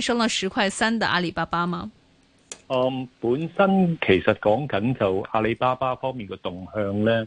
升了十塊三的阿里巴巴嗎？嗯？本身其實講緊就阿里巴巴方面嘅動向呢。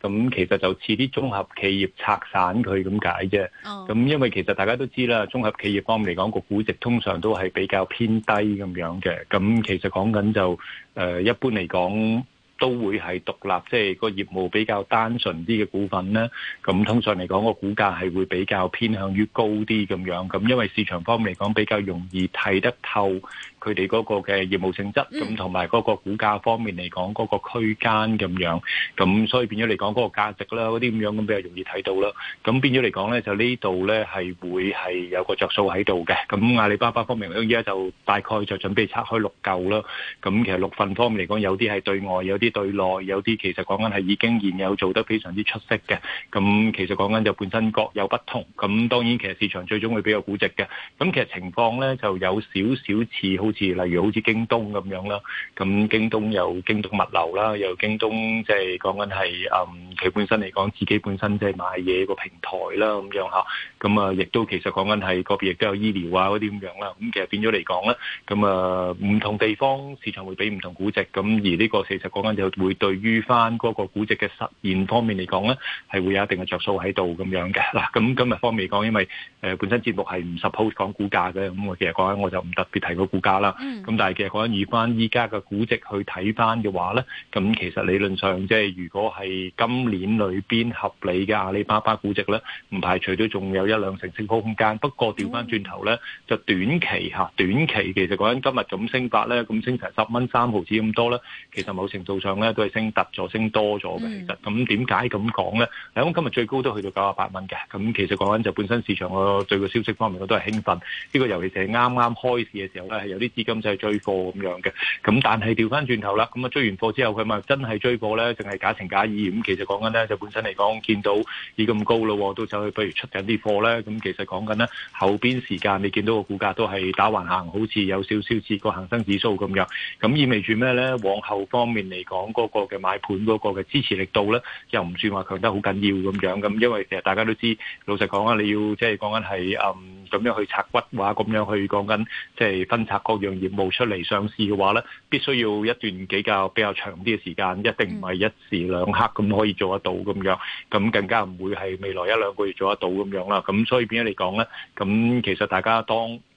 咁、嗯、其實就似啲綜合企業拆散佢咁解啫。咁、嗯嗯、因為其實大家都知啦，綜合企業方面嚟講個估值，通常都係比較偏低咁樣嘅。咁、嗯、其實講緊就誒、呃，一般嚟講。都會係獨立，即係個業務比較單純啲嘅股份啦。咁通常嚟講，個股價係會比較偏向於高啲咁樣。咁因為市場方面嚟講，比較容易睇得透。佢哋嗰個嘅業務性質，咁同埋嗰個股價方面嚟講，嗰個區間咁樣，咁所以變咗嚟講嗰個價值啦，嗰啲咁樣咁比較容易睇到啦。咁變咗嚟講咧，就呢度咧係會係有個着數喺度嘅。咁阿里巴巴方面，我依家就大概就準備拆開六嚿啦。咁其實六份方面嚟講，有啲係對外，有啲對內，有啲其實講緊係已經現有做得非常之出色嘅。咁其實講緊就本身各有不同。咁當然其實市場最終會比較估值嘅。咁其實情況咧就有少少似好。好似例如好似京東咁樣啦，咁京東有京東物流啦，又京東即係講緊係嗯。佢本身嚟講，自己本身即係買嘢個平台啦，咁樣嚇。咁啊，亦都其實講緊係個別亦都有醫療啊嗰啲咁樣啦。咁其實變咗嚟講咧，咁啊唔同地方市場會俾唔同估值。咁而呢個事實講緊就會對於翻嗰個估值嘅實現方面嚟講咧，係會有一定嘅着數喺度咁樣嘅嗱。咁今日方面講，因為誒本身節目係唔 suppose 講股價嘅，咁我其實講緊我就唔特別提個股價啦。咁、嗯、但係其實講緊以翻依家嘅估值去睇翻嘅話咧，咁其實理論上即係如果係今年裏邊合理嘅阿里巴巴估值咧，唔排除都仲有一兩成升高空間。不過調翻轉頭咧，就短期嚇短期其實講緊今日咁升法咧，咁升成十蚊三毫紙咁多咧，其實某程度上咧都係升突咗，升多咗嘅。Mm. 其實咁點解咁講咧？係今日最高都去到九啊八蚊嘅。咁其實講緊就本身市場個對個消息方面我都係興奮。呢、這個尤其是係啱啱開市嘅時候咧，係有啲資金就係追貨咁樣嘅。咁但係調翻轉頭啦，咁啊追完貨之後佢咪真係追貨咧，定係假情假意？咁其實。講緊咧，就本身嚟講，見到已咁高咯，都走去不如出緊啲貨咧。咁其實講緊咧，後邊時間你見到個股價都係打橫行，好似有少少似個恆生指數咁樣。咁意味住咩咧？往後方面嚟講，嗰個嘅買盤，嗰個嘅支持力度咧，又唔算話強得好緊要咁樣。咁因為其實大家都知，老實講啊，你要即係講緊係嗯咁樣去拆骨話，咁樣去講緊即係分拆各樣業務出嚟上市嘅話咧，必須要一段比較比較長啲嘅時間，一定唔係一時兩刻咁可以。做得到咁樣，咁更加唔會係未來一兩個月做得到咁樣啦。咁所以變咗嚟講咧，咁其實大家當。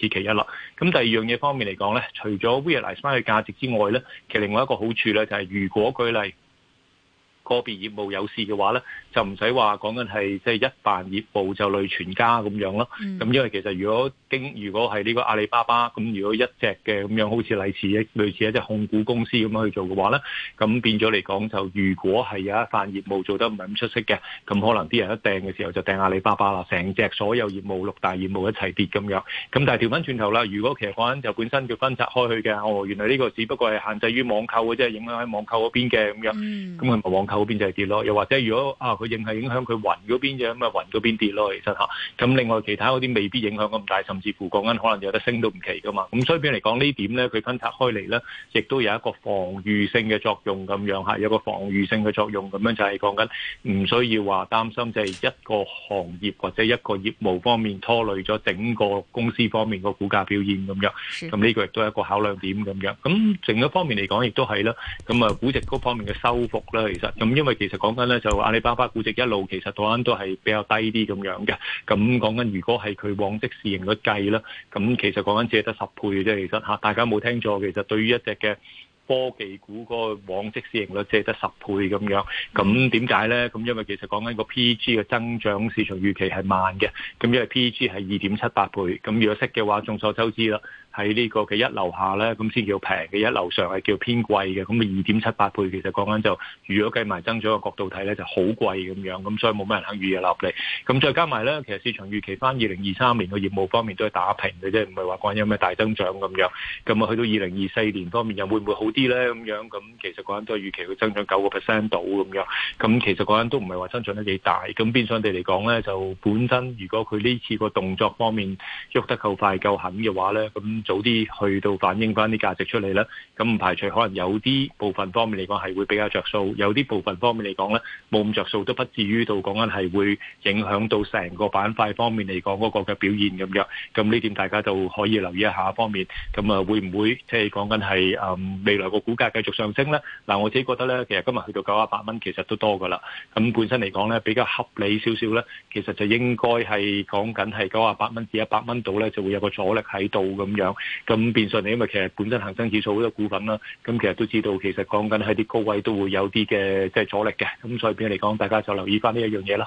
此其，其一啦。咁第二樣嘢方面嚟講咧，除咗 realise 翻佢價值之外咧，其實另外一個好處咧就係如果舉例。個別業務有事嘅話咧，就唔使話講緊係即係一盤業務就累全家咁樣咯。咁因為其實如果經如果係呢個阿里巴巴咁，如果一隻嘅咁樣好似類似一類似一隻控股公司咁樣去做嘅話咧，咁變咗嚟講就如果係有一盤業務做得唔係咁出色嘅，咁可能啲人一掟嘅時候就掟阿里巴巴啦，成隻所有業務六大業務一齊跌咁樣。咁但係調返轉頭啦，如果其實講緊就本身叫分拆開去嘅，哦原來呢個只不過係限制於網購嘅即啫，即係、影響喺網購嗰邊嘅咁樣，咁係咪網購邊就係跌咯，又或者如果啊，佢係影響佢雲嗰邊嘅咁啊，雲嗰、嗯、邊跌咯，其實吓。咁、啊、另外其他嗰啲未必影響咁大，甚至乎講緊可能有得升都唔奇噶嘛。咁所以嚟講呢點咧，佢分拆開嚟咧，亦都有一個防御性嘅作用咁樣吓、啊，有一個防御性嘅作用咁樣就係講緊唔需要話擔心，即係一個行業或者一個業務方面拖累咗整個公司方面個股價表現咁樣。咁呢個亦都係一個考量點咁樣。咁另個方面嚟講，亦都係啦。咁啊，估值嗰方面嘅修復啦，其實咁、嗯、因為其實講緊咧，就阿里巴巴估值，一路其實台灣都係比較低啲咁樣嘅。咁講緊如果係佢往績市盈率計啦，咁其實講緊只係得十倍啫。其實吓，大家冇聽錯？其實對於一隻嘅。科技股嗰個往績市盈率借得十倍咁樣，咁點解呢？咁因為其實講緊個 P E G 嘅增長市場預期係慢嘅，咁因為 P E G 係二點七八倍，咁如果識嘅話，眾所周知啦，喺呢個嘅一樓下呢，咁先叫平嘅一樓上係叫偏貴嘅，咁嘅二點七八倍其實講緊就，如果計埋增長嘅角度睇呢，就好貴咁樣，咁所以冇乜人肯預嘢落嚟。咁再加埋呢，其實市場預期翻二零二三年個業務方面都係打平嘅啫，唔係話講緊有咩大增長咁樣。咁啊，去到二零二四年方面又會唔會好啲？咧，咁樣，咁其實嗰陣都係預期佢增長九個 percent 到咁樣，咁其實嗰陣都唔係話增長得幾大，咁變相地嚟講咧，就本身如果佢呢次個動作方面喐得夠快夠狠嘅話咧，咁早啲去到反映翻啲價值出嚟咧，咁唔排除可能有啲部分方面嚟講係會比較著數，有啲部分方面嚟講咧冇咁著數，都不至於到講緊係會影響到成個板塊方面嚟講嗰個嘅表現咁樣，咁呢點大家就可以留意一下方面，咁啊會唔會即係講緊係啊未來？個股價繼續上升咧，嗱，我自己覺得咧，其實今日去到九啊八蚊，其實都多噶啦。咁本身嚟講咧，比較合理少少咧，其實就應該係講緊係九啊八蚊至一百蚊度咧，就會有個阻力喺度咁樣。咁變相你因為其實本身恒生指數好多股份啦，咁其實都知道，其實講緊喺啲高位都會有啲嘅即係阻力嘅。咁所以變相嚟講，大家就留意翻呢一樣嘢咯。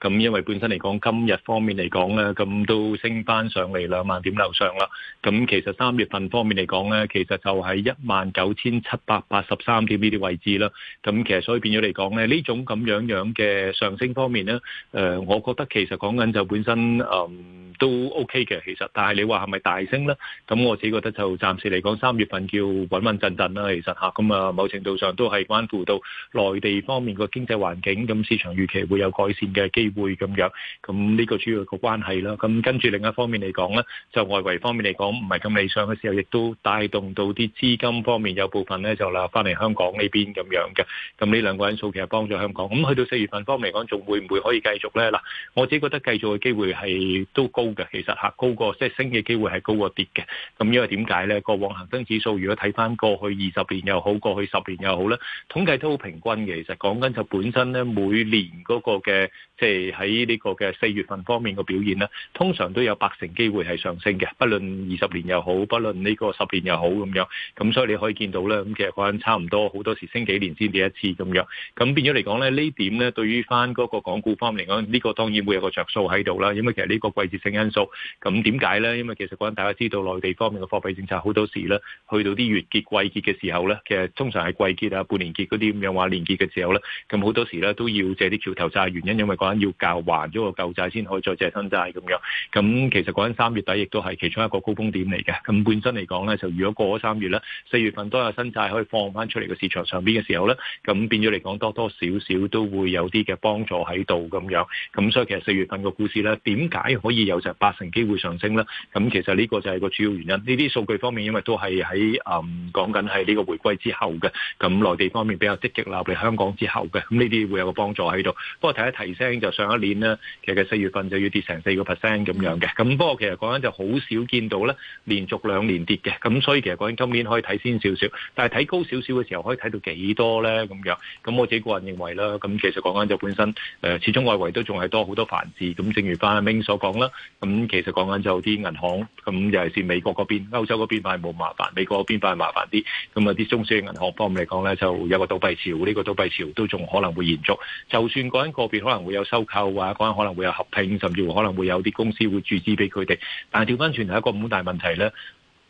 咁因為本身嚟講，今日方面嚟講咧，咁都升翻上嚟兩萬點樓上啦。咁其實三月份方面嚟講咧，其實就喺一萬九千七百八十三點呢啲位置啦。咁其實所以變咗嚟講咧，呢種咁樣樣嘅上升方面咧，誒，我覺得其實講緊就本身嗯都 O K 嘅，其實，但係你話係咪大升咧？咁我自己覺得就暫時嚟講，三月份叫穩穩陣陣啦，其實吓，咁啊，某程度上都係關乎到內地方面個經濟環境，咁市場預期會有改善嘅機會咁樣，咁呢個主要個關係啦。咁跟住另一方面嚟講咧，就外圍方面嚟講唔係咁理想嘅時候，亦都帶動到啲資金方面有部分咧就流入翻嚟香港呢邊咁樣嘅。咁呢兩個因素其實幫助香港。咁去到四月份方面嚟講，仲會唔會可以繼續咧？嗱，我自己覺得繼續嘅機會係都高嘅，其實吓，高過即係升嘅機會係高過跌嘅。咁因為點解咧？過往恒生指數如果睇翻過去二十年又好，過去十年又好咧，統計都好平均嘅。其實講緊就本身咧，每年嗰個嘅即係。喺呢個嘅四月份方面嘅表現呢，通常都有八成機會係上升嘅，不論二十年又好，不論呢個十年又好咁樣。咁所以你可以見到呢，咁其實嗰陣差唔多好多時升幾年先跌一次咁樣。咁變咗嚟講呢，呢點呢，對於翻嗰個港股方面嚟講，呢個當然會有個着數喺度啦。因為其實呢個季節性因素，咁點解呢？因為其實嗰陣大家知道內地方面嘅貨幣政策好多時呢，去到啲月結、季結嘅時候呢，其實通常係季結啊、半年結嗰啲咁樣話年結嘅時候呢，咁好多時呢都要借啲橋頭債，原因因為要教還咗個舊債先可以再借新債咁樣，咁其實講緊三月底亦都係其中一個高峯點嚟嘅。咁本身嚟講咧，就如果過咗三月咧，四月份都有新債可以放翻出嚟嘅市場上邊嘅時候咧，咁變咗嚟講多多少少都會有啲嘅幫助喺度咁樣。咁所以其實四月份嘅股市咧，點解可以有成八成機會上升咧？咁其實呢個就係個主要原因。呢啲數據方面因為都係喺誒講緊係呢個回歸之後嘅，咁內地方面比較積極立喺香港之後嘅，咁呢啲會有個幫助喺度。不過提一提聲就。上一年呢，其實四月份就要跌成四個 percent 咁樣嘅，咁不過其實講緊就好少見到咧，連續兩年跌嘅，咁所以其實講緊今年可以睇先少少，但係睇高少少嘅時候可以睇到幾多咧咁樣，咁我自己個人認為啦，咁其實講緊就本身誒、呃，始終外圍都仲係多好多煩事，咁正如阿明所講啦，咁其實講緊就啲銀行，咁尤其係美國嗰邊、歐洲嗰邊反而冇麻煩，美國嗰邊反而麻煩啲，咁啊啲中小型銀行方面嚟講咧，就有一個倒閉潮，呢、這個倒閉潮都仲可能會延續，就算講緊個別可能會有收。購啊，講可能會有合併，甚至乎可能會有啲公司會注資俾佢哋，但係調翻轉係一個唔好大問題咧。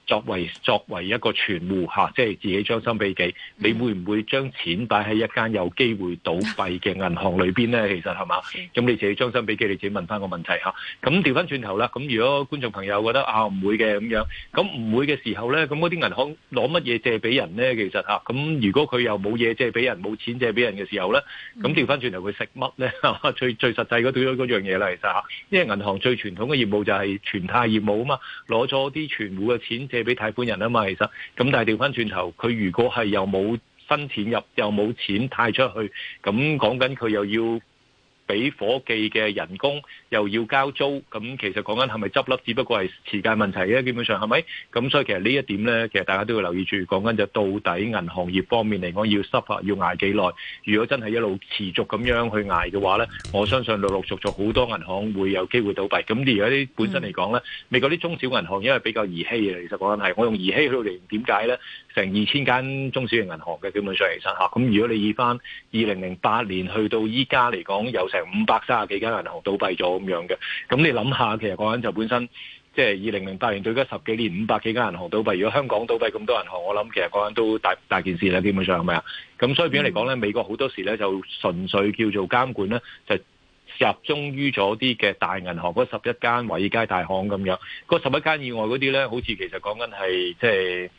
作為作為一個存戶嚇，即係自己將心比己，你會唔會將錢擺喺一間有機會倒閉嘅銀行裏邊咧？其實係嘛，咁你自己將心比己，你自己問翻個問題嚇。咁調翻轉頭啦，咁如果觀眾朋友覺得啊唔會嘅咁樣，咁唔會嘅時候咧，咁嗰啲銀行攞乜嘢借俾人咧？其實嚇，咁如果佢又冇嘢借俾人，冇錢借俾人嘅時候咧，咁調翻轉頭佢食乜咧？最最實際嘅到咗嗰樣嘢啦，其實嚇，因為銀行最傳統嘅業務就係存貸業務啊嘛，攞咗啲存戶嘅錢。借俾貸款人啊嘛，其實，咁但係調翻轉頭，佢如果係又冇分錢入，又冇錢貸出去，咁講緊佢又要。俾夥計嘅人工又要交租，咁其實講緊係咪執笠？只不過係時間問題啫。基本上係咪？咁所以其實呢一點呢，其實大家都要留意住。講緊就到底銀行業方面嚟講，要執啊要挨幾耐？如果真係一路持續咁樣去挨嘅話呢，我相信陸陸續續好多銀行會有機會倒閉。咁而家啲本身嚟講呢，美國啲中小銀行因為比較兒戲嘅，其實講緊係我用兒戲去到嚟點解呢？成二千間中小型銀行嘅基本上其實嚇。咁如果你以翻二零零八年去到依家嚟講有。五百三十幾間銀行倒閉咗咁樣嘅，咁你諗下，其實講緊就本身即係二零零八年到而家十幾年五百幾間銀行倒閉，如果香港倒閉咁多銀行，我諗其實講緊都大大件事啦，基本上係咪啊？咁所以變咗嚟講咧，美國好多時咧就純粹叫做監管咧，就集中於咗啲嘅大銀行嗰十一間華爾街大行咁樣，嗰十一間以外嗰啲咧，好似其實講緊係即係。即係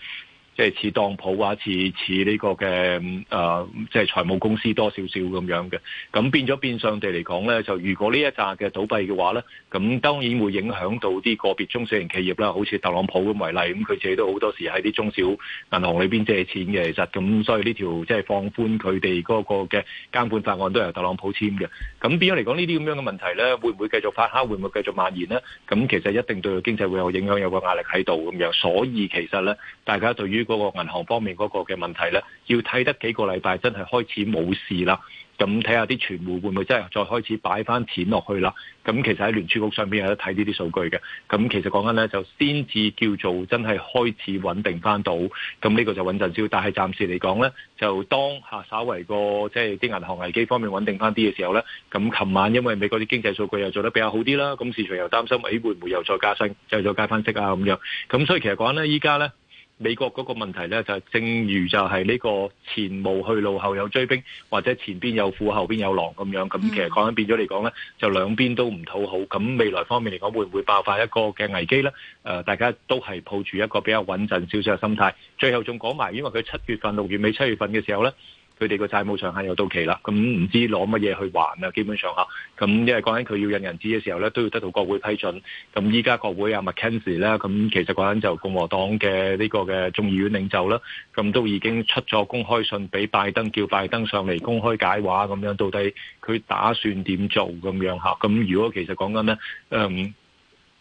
即係似當鋪啊，似似呢個嘅誒、啊，即係財務公司多少少咁樣嘅。咁變咗變相地嚟講呢，就如果呢一紮嘅倒閉嘅話呢，咁當然會影響到啲個別中小型企業啦，好似特朗普咁為例，咁佢自己都好多時喺啲中小銀行裏邊借錢嘅。其實咁，所以呢條即係放寬佢哋嗰個嘅監管法案都由特朗普簽嘅。咁變咗嚟講，呢啲咁樣嘅問題呢，會唔會繼續發酵？會唔會繼續蔓延呢？咁其實一定對經濟會有影響，有個壓力喺度咁樣。所以其實呢，大家對於嗰個銀行方面嗰個嘅問題咧，要睇得幾個禮拜，真係開始冇事啦。咁睇下啲存款會唔會真係再開始擺翻錢落去啦？咁其實喺聯儲局上邊有得睇呢啲數據嘅。咁其實講緊咧，就先至叫做真係開始穩定翻到。咁呢個就穩陣啲。但係暫時嚟講咧，就當下稍微個即係啲銀行危機方面穩定翻啲嘅時候咧，咁琴晚因為美國啲經濟數據又做得比較好啲啦，咁市場又擔心誒會唔會又再加息，就再加翻息啊咁樣。咁所以其實講咧，依家咧。美國嗰個問題呢，就正如就係呢個前無去路，後有追兵，或者前邊有虎，後邊有狼咁樣。咁其實講緊變咗嚟講呢，就兩邊都唔討好。咁未來方面嚟講，會唔會爆發一個嘅危機呢？誒，大家都係抱住一個比較穩陣少少嘅心態。最後仲講埋，因為佢七月份、六月尾、七月份嘅時候呢。佢哋個債務上限又到期啦，咁唔知攞乜嘢去還啊？基本上嚇，咁因為講緊佢要引人知嘅時候咧，都要得到國會批准。咁依家國會啊，麥肯錫咧，咁其實講緊就共和黨嘅呢個嘅眾議院領袖啦，咁都已經出咗公開信俾拜登，叫拜登上嚟公開解話咁樣，到底佢打算點做咁樣下，咁如果其實講緊咧，嗯。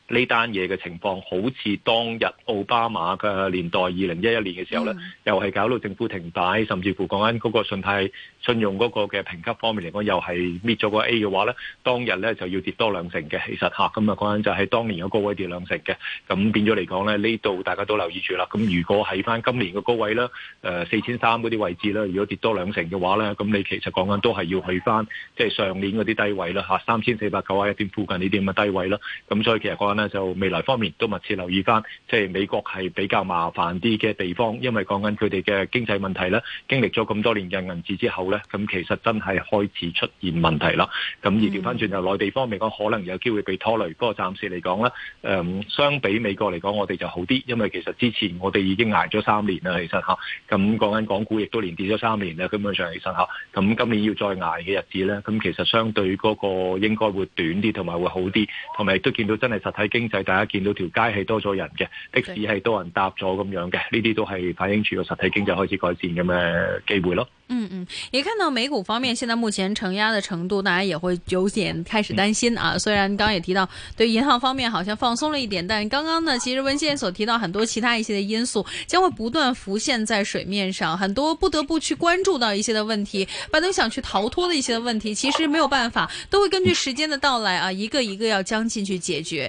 呢單嘢嘅情況好似當日奧巴馬嘅年代，二零一一年嘅時候呢、嗯，又係搞到政府停擺，甚至乎講緊嗰個信貸信用嗰個嘅評級方面嚟講，又係搣咗個 A 嘅話呢，當日呢就要跌多兩成嘅，其實嚇，咁啊講緊就係當年嘅高位跌兩成嘅，咁變咗嚟講呢，呢度大家都留意住啦。咁如果喺翻今年嘅高位咧，誒四千三嗰啲位置啦，如果跌多兩成嘅話呢，咁你其實講緊都係要去翻即係上年嗰啲低位啦，嚇三千四百九啊一點附近呢啲咁嘅低位啦。咁所以其實講。就未來方面都密切留意翻，即係美國係比較麻煩啲嘅地方，因為講緊佢哋嘅經濟問題咧，經歷咗咁多年嘅銀紙之後呢，咁其實真係開始出現問題啦。咁而調翻轉就內地方面講，可能有機會被拖累，不過暫時嚟講呢，誒相比美國嚟講，我哋就好啲，因為其實之前我哋已經挨咗三年啦，其實吓，咁講緊港股亦都連跌咗三年啦，根本上其實吓，咁今年要再挨嘅日子呢，咁其實相對嗰個應該會短啲，同埋會好啲，同埋亦都見到真係實體，經濟大家見到條街係多咗人嘅，的士係多人搭咗咁樣嘅，呢啲都係反映住個實體經濟開始改善咁嘅機會咯。嗯嗯，也看到美股方面，現在目前承壓的程度，大家也會有點開始擔心啊。嗯、雖然剛剛也提到對銀行方面好像放鬆了一點，但剛剛呢，其實溫先生所提到很多其他一些的因素將會不斷浮現在水面上，很多不得不去關注到一些的問題，拜登想去逃脱的一些的問題，其實沒有辦法，都會根據時間的到來啊，一個一個要將進去解決。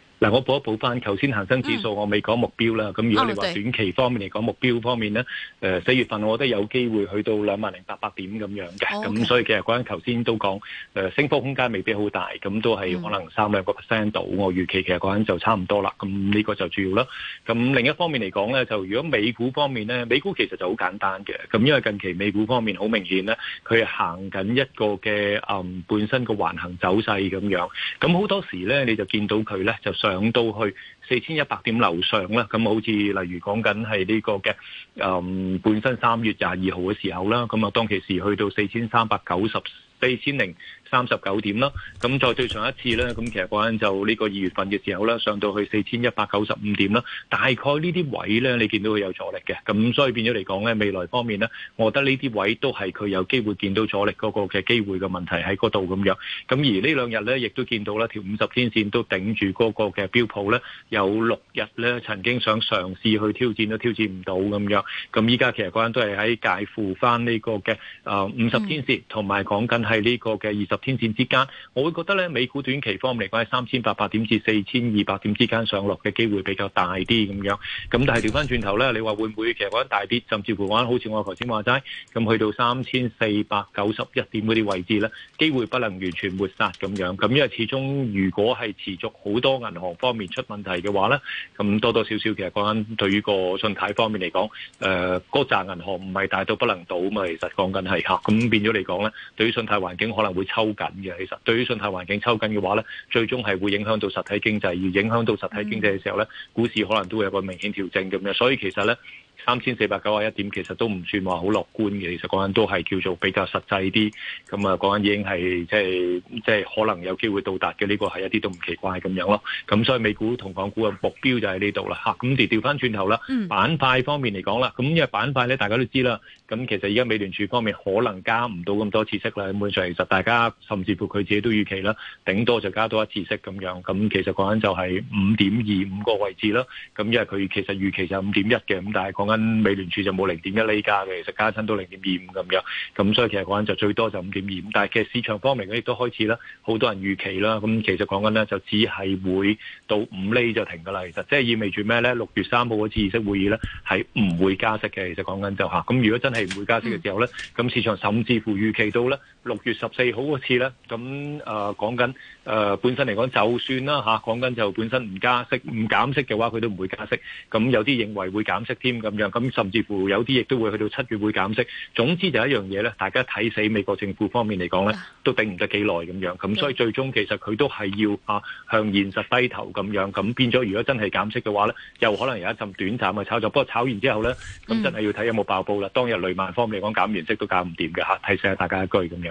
嗱，我補一補翻頭先恒生指數，我未講目標啦。咁如果你話短期方面嚟講目標方面咧，誒四月份我覺得有機會去到兩萬零八百點咁樣嘅。咁所以其實嗰陣頭先都講誒升幅空間未必好大，咁都係可能三兩個 percent 度。我預期其實嗰陣就差唔多啦。咁呢個就主要啦。咁另一方面嚟講咧，就如果美股方面咧，美股其實就好簡單嘅。咁因為近期美股方面好明顯咧，佢行緊一個嘅誒本身個橫行走勢咁樣。咁好多時咧，你就見到佢咧就上。上到去四千一百點樓上啦，咁好似例如講緊係呢個嘅，嗯，本身三月廿二號嘅時候啦，咁啊當其時去到四千三百九十四千零。三十九點啦，咁再對上一次呢。咁其實嗰陣就呢個二月份嘅時候呢，上到去四千一百九十五點啦。大概呢啲位呢，你見到佢有阻力嘅，咁所以變咗嚟講呢，未來方面呢，我覺得呢啲位都係佢有機會見到阻力嗰個嘅機會嘅問題喺嗰度咁樣。咁而呢兩日呢，亦都見到呢，條五十天線都頂住嗰個嘅標普呢。有六日呢，曾經想嘗試去挑戰都挑戰唔到咁樣。咁依家其實嗰陣都係喺介乎翻呢個嘅誒五十天線，同埋講緊係呢個嘅二十，天線之間，我會覺得咧，美股短期方面嚟講喺三千八百點至四千二百點之間上落嘅機會比較大啲咁樣。咁但係調翻轉頭咧，你話會唔會其實講緊大跌，甚至乎講好似我頭先話齋，咁去到三千四百九十一點嗰啲位置咧，機會不能完全抹殺咁樣。咁因為始終如果係持續好多銀行方面出問題嘅話咧，咁多多少少其實講緊對於個信貸方面嚟講，誒嗰紮銀行唔係大到不能倒嘛。其實講緊係吓，咁變咗嚟講咧，對於信貸環境可能會抽緊嘅，其實對於信貸環境抽緊嘅話咧，最終係會影響到實體經濟，而影響到實體經濟嘅時候咧，股市可能都會有個明顯調整咁樣。所以其實咧。三千四百九啊一點其，其實都唔算話好樂觀嘅。其實講緊都係叫做比較實際啲，咁啊講緊已經係即係即係可能有機會到達嘅。呢個係一啲都唔奇怪咁樣咯。咁所以美股同港股嘅目標就喺呢度啦，吓。咁時調翻轉頭啦，板塊方面嚟講啦，咁因為板塊咧大家都知啦，咁其實而家美聯儲方面可能加唔到咁多次息啦。基本上其實大家甚至乎佢自己都預期啦，頂多就加多一次息咁樣。咁其實講緊就係五點二五個位置啦。咁因為佢其實預期就五點一嘅，咁但係講。美聯儲就冇零點一釐加嘅，其實加親都零點二五咁樣，咁所以其實講緊就最多就五點二五，但係其實市場方面佢亦都開始啦，好多人預期啦，咁其實講緊咧就只係會到五厘就停㗎喇，其實即係意味住咩咧？六月三號嗰次議息會議咧係唔會加息嘅，其實講緊就嚇，咁如果真係唔會加息嘅時候咧，咁市場甚至乎預期到咧。六月十四號嗰次咧，咁誒講緊誒本身嚟講，就算啦嚇，講、啊、緊就本身唔加息、唔減息嘅話，佢都唔會加息。咁有啲認為會減息添咁樣，咁甚至乎有啲亦都會去到七月會減息。總之就一樣嘢咧，大家睇死美國政府方面嚟講咧，都頂唔得幾耐咁樣。咁所以最終其實佢都係要啊向現實低頭咁樣。咁變咗如果真係減息嘅話咧，又可能有一陣短暫嘅炒作。不過炒完之後咧，咁真係要睇有冇爆煲啦、嗯。當日雷曼方面嚟講減完息都搞唔掂嘅提醒下大家一句咁樣。